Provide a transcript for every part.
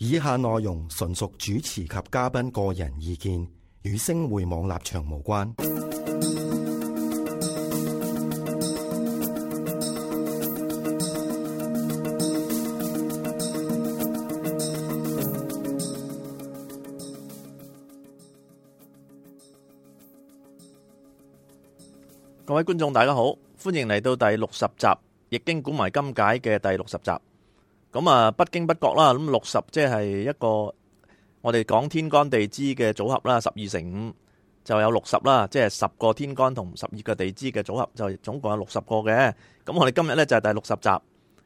以下內容純屬主持及嘉賓個人意見，與星匯網立場無關。各位觀眾，大家好，歡迎嚟到第六十集《易經古謎今解》嘅第六十集。咁啊，不經不覺啦。咁六十即係一個我哋講天干地支嘅組合啦，十二乘五就有六十啦。即係十個天干同十二個地支嘅組合，就總共有六十個嘅。咁我哋今日呢，就係第六十集，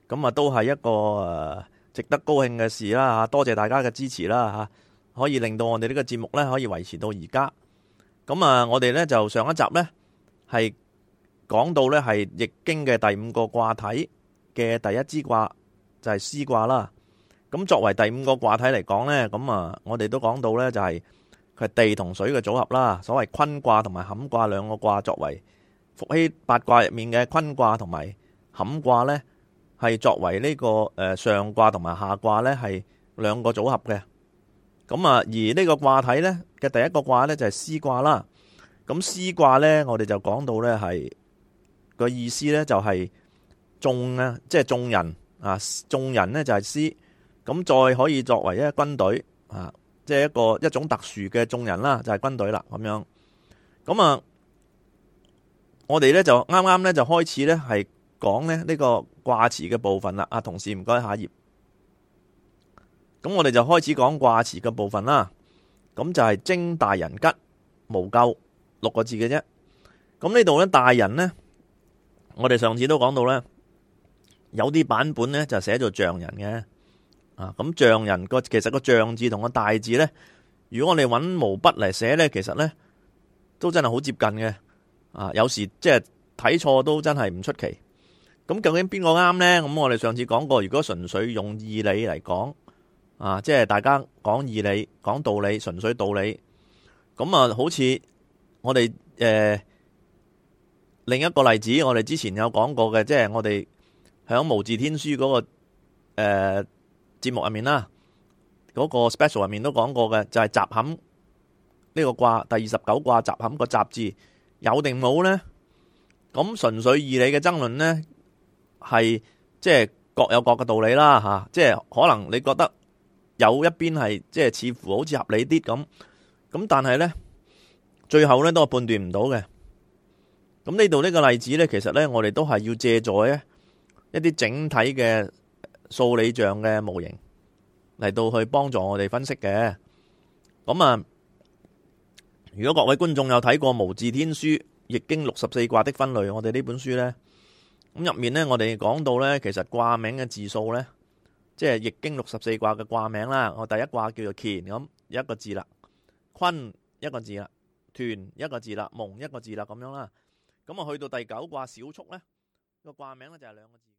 咁啊都係一個值得高興嘅事啦。嚇，多謝大家嘅支持啦。嚇，可以令到我哋呢個節目呢，可以維持到而家。咁啊，我哋呢，就上一集呢，係講到呢係易經嘅第五個卦體嘅第一支卦。就係師卦啦。咁作為第五個卦體嚟講咧，咁啊，我哋都講到咧，就係佢係地同水嘅組合啦。所謂坤卦同埋坎卦兩個卦，作為伏羲八卦入面嘅坤卦同埋坎卦咧，係作為呢個誒上卦同埋下卦咧，係兩個組合嘅。咁啊，而呢個卦體咧嘅第一個卦咧就係師卦啦。咁師卦咧，我哋就講到咧係個意思咧，就係眾啊，即係眾人。啊，眾人呢就係師，咁再可以作為一個軍隊啊，即係一個一種特殊嘅眾人啦，就係、是、軍隊啦，咁樣。咁啊，我哋咧就啱啱咧就開始咧係講呢個卦辭嘅部分啦。啊，同事唔該下一頁。咁我哋就開始講卦辭嘅部分啦。咁就係貞大人吉無咎六個字嘅啫。咁呢度咧大人呢，我哋上次都講到咧。有啲版本呢就寫做象人嘅啊，咁象人個其實個象字同個大字呢，如果我哋揾毛筆嚟寫呢，其實呢都真係好接近嘅啊。有時即係睇錯都真係唔出奇。咁究竟邊個啱呢？咁我哋上次講過，如果純粹用義理嚟講啊，即係大家講義理講道理，純粹道理咁啊，好似我哋誒，呃，另一個例子，我哋之前有講過嘅，即係我哋。喺《無字天書》嗰、那個誒節、呃、目入面啦，嗰、那個 special 入面都講過嘅，就係習坎呢個卦第二十九卦習坎個習字有定冇呢？咁純粹易理嘅爭論呢，係即係各有各嘅道理啦吓，即、啊、係、就是、可能你覺得有一邊係即係似乎好似合理啲咁，咁但係呢，最後呢都係判斷唔到嘅。咁呢度呢個例子呢，其實呢，我哋都係要借助嘅。一啲整體嘅數理象嘅模型嚟到去幫助我哋分析嘅，咁啊，如果各位觀眾有睇過《無字天書》《易經六十四卦》的分類，我哋呢本書呢，咁入面呢，我哋講到呢，其實卦名嘅字數呢，即係《易經》六十四卦嘅卦名啦。我第一卦叫做乾，咁一個字啦，坤一個字啦，屯一個字啦，蒙一個字啦，咁樣啦，咁啊去到第九卦小畜呢，這個卦名呢，就係兩個字。